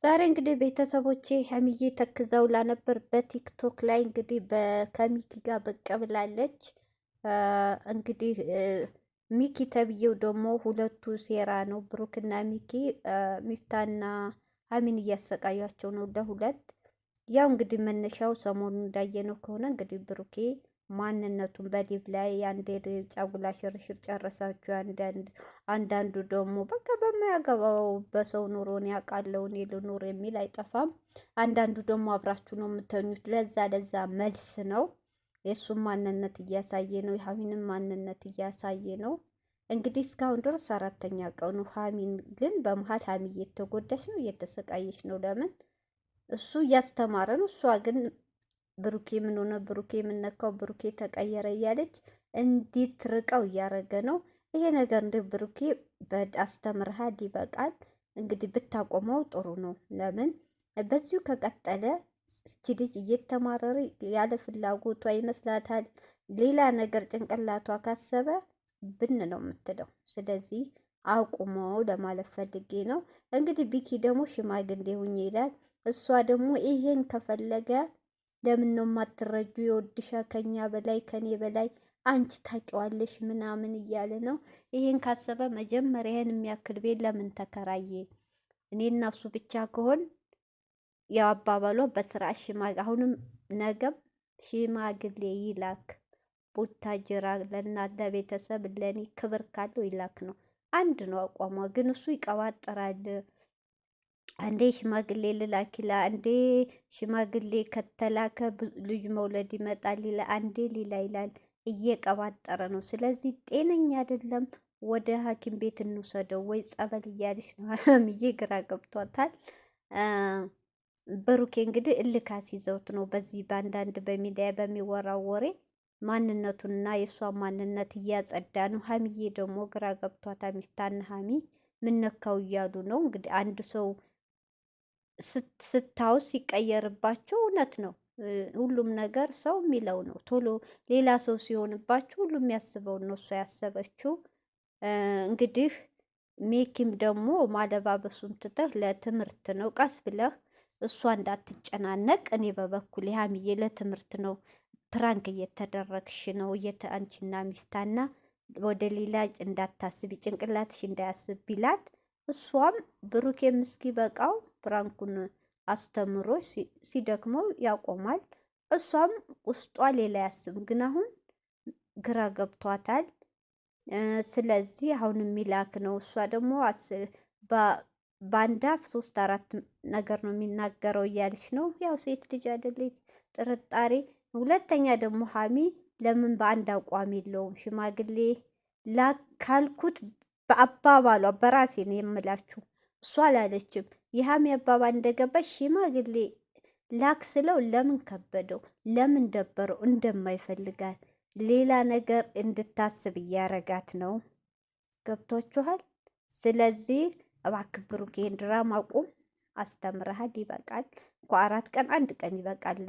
ዛሬ እንግዲህ ቤተሰቦቼ ሀሚዬ ተክዘው ላነበር በቲክቶክ ላይ እንግዲህ ከሚኪ ጋር ብቅ ብላለች። እንግዲህ ሚኪ ተብዬው ደግሞ ሁለቱ ሴራ ነው። ብሩክና ሚኪ ሚፍታና ሀሚን እያሰቃያቸው ነው ለሁለት። ያው እንግዲህ መነሻው ሰሞኑ እንዳየነው ከሆነ እንግዲህ ብሩኬ ማንነቱን በዲብ ላይ አንድ ጫጉላ ሽርሽር ጨረሳችሁ። አንዳንድ አንዳንዱ ደግሞ በቃ በማያገባው በሰው ኑሮን እኔ ልኑር የሚል አይጠፋም። አንዳንዱ ደግሞ አብራችሁ ነው የምተኙት። ለዛ ለዛ መልስ ነው። የእሱም ማንነት እያሳየ ነው። የሀሚንን ማንነት እያሳየ ነው። እንግዲህ እስካሁን ድረስ አራተኛ ቀኑ ሀሚን ግን በመሀል ሀሚ እየተጎዳች ነው፣ እየተሰቃየች ነው። ለምን እሱ እያስተማረ ነው፣ እሷ ግን ብሩኬ ምን ሆነ፣ ብሩኬ ምን ነካው፣ ብሩኬ ተቀየረ እያለች እንዲትርቀው እያረገ ነው። ይሄ ነገር እንደ ብሩኬ በድ አስተምርሃል፣ ይበቃል። እንግዲህ ብታቆመው ጥሩ ነው። ለምን በዚሁ ከቀጠለ እቺ ልጅ እየተማረረ ያለ ፍላጎቷ ይመስላታል። ሌላ ነገር ጭንቅላቷ ካሰበ ብን ነው የምትለው። ስለዚህ አቁመው ለማለት ፈልጌ ነው። እንግዲህ ቢኪ ደግሞ ሽማግሌ ሁኝ ይላል። እሷ ደግሞ ይሄን ከፈለገ ለምን ነው ማትረጁ የወድሻ ከኛ በላይ ከኔ በላይ አንቺ ታቂዋለሽ ምናምን እያለ ነው። ይሄን ካሰበ መጀመሪያን የሚያክል ቤት ለምን ተከራየ? እኔ እና ብቻ ከሆን ያው አባባሏ በስራ ሽማ አሁንም ነገም ሽማግሌ ይላክ ጅራ ለእናት ቤተሰብ ለእኔ ክብር ካለው ይላክ ነው። አንድ ነው አቋሟ። ግን እሱ ይቀባጠራል። አንዴ ሽማግሌ ልላኪላ አንዴ ሽማግሌ ከተላከ ልጅ መውለድ ይመጣል ይላል። አንዴ ሌላ ይላል። እየቀባጠረ ነው። ስለዚህ ጤነኛ አይደለም። ወደ ሐኪም ቤት እንውሰደው ወይ ጸበል እያለች ነው አለምዬ። ግራ ገብቷታል። ብሩኬ እንግዲህ እልካ ሲዘውት ነው በዚህ በአንዳንድ በሚዲያ በሚወራው ወሬ ማንነቱንና የእሷ ማንነት እያጸዳ ነው። ሀሚዬ ደግሞ ግራ ገብቷታ ሚፍታና ሀሚ ምነካው እያሉ ነው እንግዲህ አንድ ሰው ስታውስ ሲቀየርባቸው እውነት ነው። ሁሉም ነገር ሰው የሚለው ነው። ቶሎ ሌላ ሰው ሲሆንባችሁ ሁሉም የሚያስበውን ነው እሷ ያሰበችው። እንግዲህ ሜኪም ደግሞ ማለባበሱን ትተህ ለትምህርት ነው ቀስ ብለህ እሷ እንዳትጨናነቅ። እኔ በበኩል ሀሚዬ ለትምህርት ነው ፕራንክ እየተደረግሽ ነው አንቺና ሚፍታና ወደ ሌላ እንዳታስቢ ጭንቅላትሽ እንዳያስብ ቢላት እሷም ብሩኬ ምስኪ በቃው ፕራንኩን አስተምሮ ሲደክመው ያቆማል። እሷም ውስጧ ሌላ ያስብ ግን አሁን ግራ ገብቷታል። ስለዚህ አሁን የሚላክ ነው። እሷ ደግሞ በአንድ ሶስት አራት ነገር ነው የሚናገረው እያለች ነው። ያው ሴት ልጅ አይደለች ጥርጣሬ። ሁለተኛ ደግሞ ሀሚ ለምን በአንድ አቋም የለውም? ሽማግሌ ካልኩት በአባባሏ በራሴ ነው የምላችሁ እሷ አላለችም። ይህም ያባባ እንደገባች ሽማግሌ ላክ ስለው ለምን ከበደው ለምን ደበረው እንደማይፈልጋት ሌላ ነገር እንድታስብ እያረጋት ነው። ገብቶችኋል? ስለዚህ እባክህ ብሩኬን ድራማ ቁም። አስተምረሃል፣ ይበቃል እኮ አራት ቀን አንድ ቀን ይበቃል።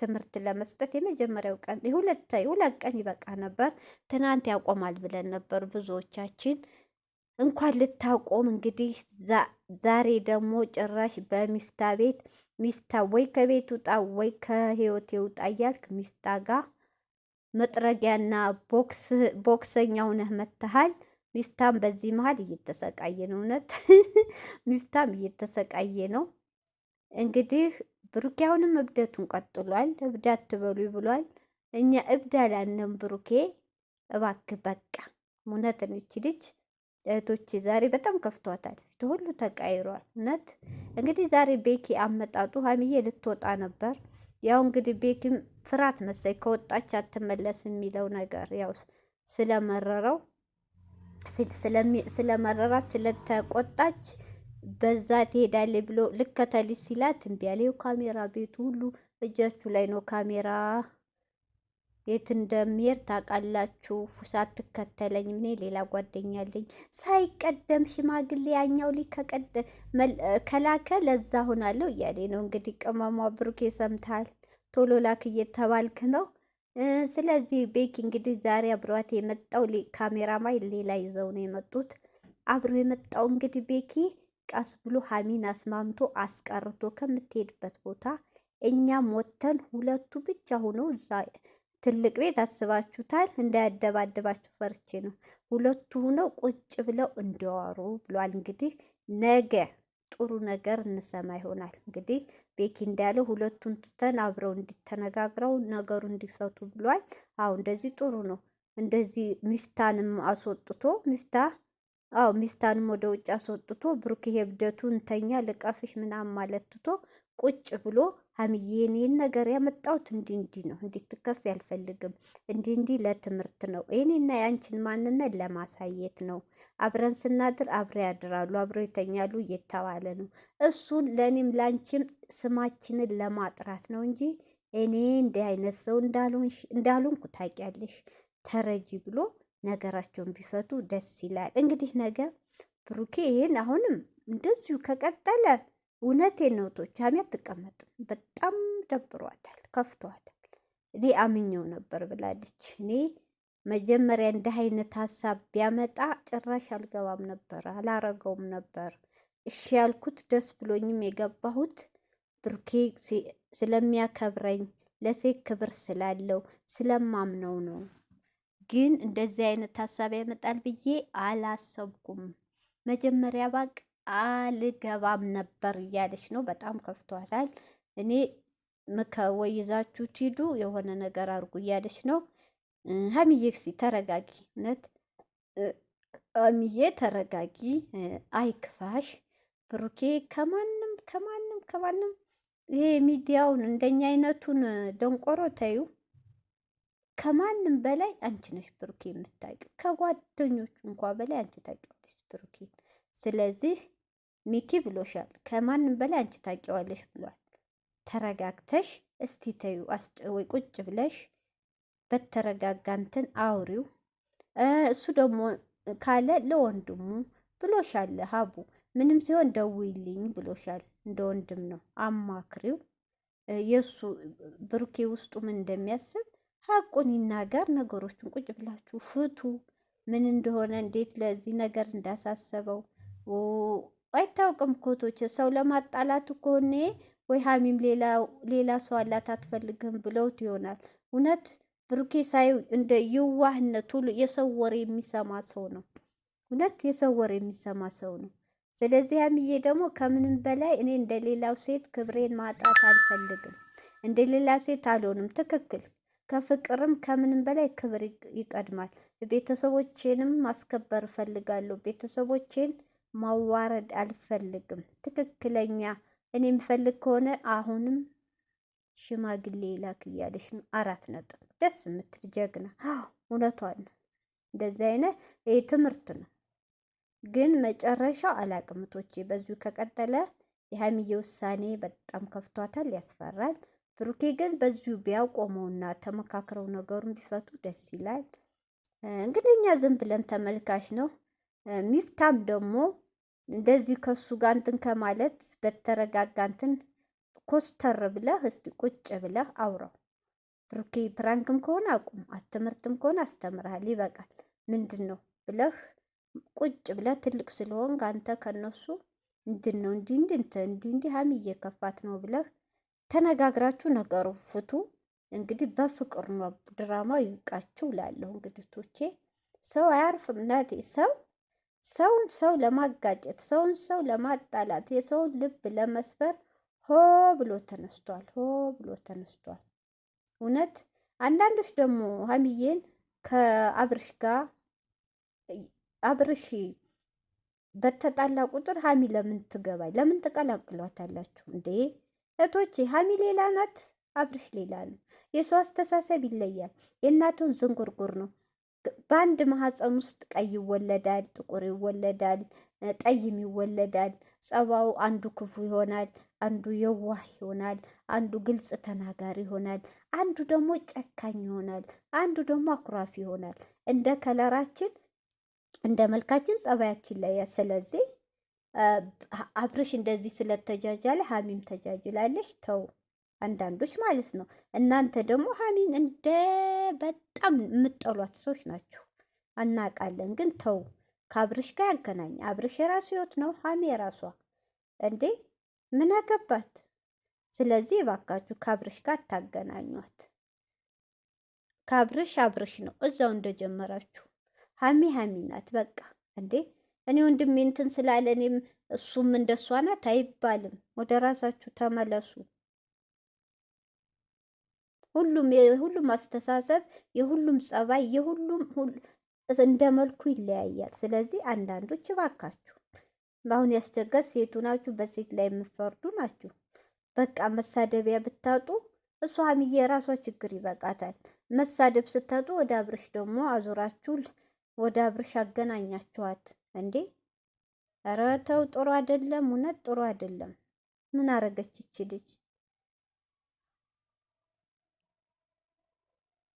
ትምህርት ለመስጠት የመጀመሪያው ቀን ሁለት ቀን ይበቃ ነበር። ትናንት ያቆማል ብለን ነበር ብዙዎቻችን። እንኳን ልታቆም እንግዲህ ዛሬ ደግሞ ጭራሽ በሚፍታ ቤት ሚፍታ ወይ ከቤት ውጣ ወይ ከህይወት ውጣ እያልክ ሚፍታ ጋር መጥረጊያና ቦክሰኛው ነህ መተሃል። ሚፍታም በዚህ መሀል እየተሰቃየ ነው። እውነት ሚፍታም እየተሰቃየ ነው። እንግዲህ ብሩኬ አሁንም እብደቱን ቀጥሏል። እብድ ትበሉ ብሏል። እኛ እብድ አላንም። ብሩኬ እባክህ በቃ እውነት ይች ልጅ እህቶች ዛሬ በጣም ከፍቷታል። ፊት ሁሉ ተቃይሯል። እውነት እንግዲህ ዛሬ ቤኪ አመጣጡ ሀሚዬ ልትወጣ ነበር። ያው እንግዲህ ቤኪም ፍርሃት መሰለኝ ከወጣች አትመለስ የሚለው ነገር ያው ስለመረረው ስለመረራት ስለተቆጣች በዛ ትሄዳለች ብሎ ልከተልሽ ሲላት እምቢ አለ። ካሜራ ቤቱ ሁሉ እጃችሁ ላይ ነው ካሜራ የት እንደምሄድ ታውቃላችሁ። ሳትከተለኝ እኔ ሌላ ጓደኛ አለኝ። ሳይቀደም ሽማግሌ ያኛው ልጅ ከላከ ለዛ ሆናለሁ እያለ ነው እንግዲህ። ቅመሟ ብሩኬ ሰምተሃል? ቶሎ ላክ እየተባልክ ነው። ስለዚህ ቤኪ እንግዲህ ዛሬ አብሯት የመጣው ካሜራማይ ሌላ ይዘው ነው የመጡት። አብሮ የመጣው እንግዲህ ቤኪ ቀስ ብሎ ሀሚን አስማምቶ አስቀርቶ ከምትሄድበት ቦታ እኛ ሞተን ሁለቱ ብቻ ሆነው ትልቅ ቤት አስባችሁታል። እንዳያደባደባችሁ ፈርቼ ነው። ሁለቱ ሁነው ቁጭ ብለው እንዲዋሩ ብሏል። እንግዲህ ነገ ጥሩ ነገር እንሰማ ይሆናል። እንግዲህ ቤኪ እንዳለው ሁለቱን ትተን አብረው እንዲተነጋግረው ነገሩ እንዲፈቱ ብሏል። አዎ እንደዚህ ጥሩ ነው። እንደዚህ ሚፍታንም አስወጥቶ ሚፍታ አዎ ሚፍታንም ወደ ውጭ አስወጥቶ ብሩክ ይሄ እንተኛ ልቀፍሽ ምናም ማለት ትቶ ቁጭ ብሎ አምዬ እኔን ነገር ያመጣሁት እንዲህ እንዲህ ነው፣ እንድትከፊ አልፈልግም፣ እንዲህ እንዲህ ለትምህርት ነው፣ እኔና የአንችን ማንነት ለማሳየት ነው። አብረን ስናድር አብረው ያድራሉ፣ አብረው ይተኛሉ እየተባለ ነው። እሱን ለእኔም ለአንቺም ስማችንን ለማጥራት ነው እንጂ እኔ እንዲህ አይነት ሰው እንዳልሆንኩ ታውቂያለሽ፣ ተረጂ ብሎ ነገራቸውን ቢፈቱ ደስ ይላል። እንግዲህ ነገር ብሩኬ ይሄን አሁንም እንደዚሁ ከቀጠለ እውነቴን ነው እህቶች፣ ሀሚ አትቀመጥም። በጣም ደብሯታል፣ ከፍቷታል። እኔ አምኜው ነበር ብላለች። እኔ መጀመሪያ እንዲህ አይነት ሀሳብ ቢያመጣ ጭራሽ አልገባም ነበር፣ አላረገውም ነበር። እሺ ያልኩት ደስ ብሎኝም የገባሁት ብሩኬ ስለሚያከብረኝ ለሴት ክብር ስላለው ስለማምነው ነው። ግን እንደዚህ አይነት ሀሳብ ያመጣል ብዬ አላሰብኩም መጀመሪያ ባቅ አልገባም ነበር እያለች ነው። በጣም ከፍቷታል። እኔ ወይ ይዛችሁ የሆነ ነገር አድርጉ እያለች ነው። ሀሚዬክሲ ተረጋጊ፣ እውነት ሀሚዬ ተረጋጊ፣ አይክፋሽ። ብሩኬ ከማንም ከማንም ከማንም ይሄ ሚዲያውን እንደኛ አይነቱን ደንቆሮ ተዩ። ከማንም በላይ አንቺ ነሽ ብሩኬ የምታውቂው፣ ከጓደኞቹ እንኳ በላይ አንቺ ታውቂዋለሽ ብሩኬ። ስለዚህ ሚኪ ብሎሻል፣ ከማንም በላይ አንቺ ታውቂዋለሽ ብሏል። ተረጋግተሽ እስቲ ተዩ ወይ ቁጭ ብለሽ በተረጋጋንትን አውሪው። እሱ ደግሞ ካለ ለወንድሙ ብሎሻል። ሀቡ ምንም ሲሆን ደውይልኝ ብሎሻል። እንደ ወንድም ነው አማክሪው። የእሱ ብሩኬ ውስጡ ምን እንደሚያስብ ሀቁን ይናገር። ነገሮችን ቁጭ ብላችሁ ፍቱ። ምን እንደሆነ እንዴት ለዚህ ነገር እንዳሳሰበው አይታወቅም ኮቶች ሰው ለማጣላት ከሆነ ወይ ሀሚም ሌላ ሰው አላት አትፈልግም ብለውት ይሆናል። እውነት ብሩኬ ሳይ እንደ ሁሉ የሰው ወሬ የሚሰማ ሰው ነው። እውነት የሰው ወሬ የሚሰማ ሰው ነው። ስለዚህ ሀሚዬ ደግሞ ከምንም በላይ እኔ እንደ ሌላው ሴት ክብሬን ማጣት አልፈልግም። እንደ ሌላ ሴት አልሆንም። ትክክል። ከፍቅርም ከምንም በላይ ክብር ይቀድማል። ቤተሰቦቼንም ማስከበር እፈልጋለሁ። ቤተሰቦቼን ማዋረድ አልፈልግም። ትክክለኛ እኔ የምፈልግ ከሆነ አሁንም ሽማግሌ ላክ እያለሽ ነው። አራት ነጥብ ደስ የምትል ጀግና። እውነቷን ነው። እንደዚህ አይነት ይህ ትምህርት ነው። ግን መጨረሻው አላቅምቶቼ በዚሁ ከቀጠለ የሀይሚዬ ውሳኔ በጣም ከፍቷታል፣ ያስፈራል። ብሩኬ ግን በዚሁ ቢያቆመውና ተመካክረው ነገሩን ቢፈቱ ደስ ይላል። እንግዲህ እኛ ዝም ብለን ተመልካች ነው። ሚፍታም ደግሞ እንደዚህ ከሱ ጋር እንትን ከማለት በተረጋጋ እንትን ኮስተር ብለህ እስቲ ቁጭ ብለህ አውራው። ብሩኬ ፕራንክም ከሆነ አቁም፣ አትምህርትም ከሆነ አስተምርሃል፣ ይበቃል። ምንድን ነው ብለህ ቁጭ ብለህ ትልቅ ስለሆን አንተ ከነሱ ምንድን ነው እንዲህ እንዲህ እንዲህ እንዲህ ሀሚ እየከፋት ነው ብለህ ተነጋግራችሁ ነገሩ ፍቱ። እንግዲህ በፍቅር ነው ድራማ ይብቃችሁ። ላለሁ እንግዲህ ቶቼ ሰው አያርፍም እናቴ ሰው ሰውን ሰው ለማጋጨት ሰውን ሰው ለማጣላት የሰውን ልብ ለመስበር ሆ ብሎ ተነስቷል። ሆ ብሎ ተነስቷል። እውነት አንዳንዶች ደግሞ ሀሚዬን ከአብርሽ ጋር አብርሽ በተጣላ ቁጥር ሀሚ ለምን ትገባይ? ለምን ትቀላቅሏታላችሁ እንዴ? እህቶቼ ሀሚ ሌላ ናት፣ አብርሽ ሌላ ነው። የሰው አስተሳሰብ ይለያል። የእናቱን ዝንጉርጉር ነው። በአንድ ማህፀን ውስጥ ቀይ ይወለዳል፣ ጥቁር ይወለዳል፣ ጠይም ይወለዳል። ጸባው አንዱ ክፉ ይሆናል፣ አንዱ የዋህ ይሆናል፣ አንዱ ግልጽ ተናጋሪ ይሆናል፣ አንዱ ደግሞ ጨካኝ ይሆናል፣ አንዱ ደግሞ አኩራፊ ይሆናል። እንደ ከለራችን እንደ መልካችን ጸባያችን ላይ ስለዚህ አብርሽ እንደዚህ ስለተጃጃለ ሀሚም ተጃጅላለች። ተው አንዳንዶች ማለት ነው። እናንተ ደግሞ ሀኒን እንደ በጣም የምጠሏት ሰዎች ናቸው እናውቃለን። ግን ተው ከአብርሽ ጋር ያገናኝ። አብርሽ የራሱ ህይወት ነው፣ ሀሚ የራሷ እንዴ ምን አገባት? ስለዚህ ባካችሁ ከአብርሽ ጋር አታገናኟት። ከአብርሽ አብርሽ ነው፣ እዛው እንደጀመራችሁ። ሀሚ ሀሚ ናት በቃ እንዴ እኔ ወንድሜ እንትን ስላለ እኔም እሱም እንደሷ ናት አይባልም። ወደ ራሳችሁ ተመለሱ። ሁሉም የሁሉም አስተሳሰብ የሁሉም ጸባይ የሁሉም እንደ መልኩ ይለያያል። ስለዚህ አንዳንዶች እባካችሁ በአሁን ያስቸገር ሴቱ ናችሁ፣ በሴት ላይ የምፈርዱ ናችሁ። በቃ መሳደቢያ ብታጡ እሷ ሀሚዬ የራሷ ችግር ይበቃታል። መሳደብ ስታጡ ወደ አብርሽ ደግሞ አዙራችሁ ወደ አብርሽ አገናኛችኋት እንዴ! ኧረ ተው፣ ጥሩ አይደለም። እውነት ጥሩ አይደለም። ምን አረገች ይች ልጅ?